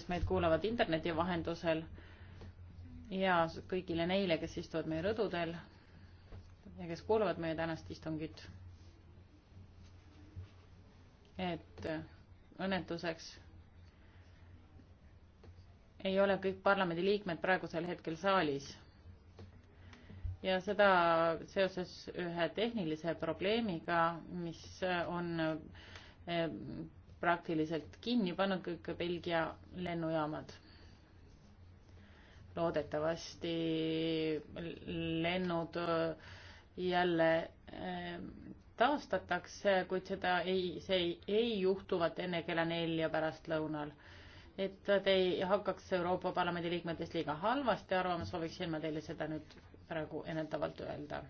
kes meid kuulavad interneti vahendusel ja kõigile neile, kes istuvad meie rõdudel ja kes kuulavad meie tänast istungit. et õnnetuseks ei ole kõik parlamendiliikmed praegusel hetkel saalis. ja seda seoses ühe tehnilise probleemiga, mis on eh, praktiliselt kinni pannud kõik Belgia lennujaamad. loodetavasti lennud äh, jälle ähm, taastatakse, kuid seda ei, see ei, ei juhtuvat enne kella nelja pärastlõunal. et te ei hakkaks Euroopa Parlamendi liikmetest liiga halvasti arvama, sooviksin ma teile seda nüüd praegu ennetavalt öelda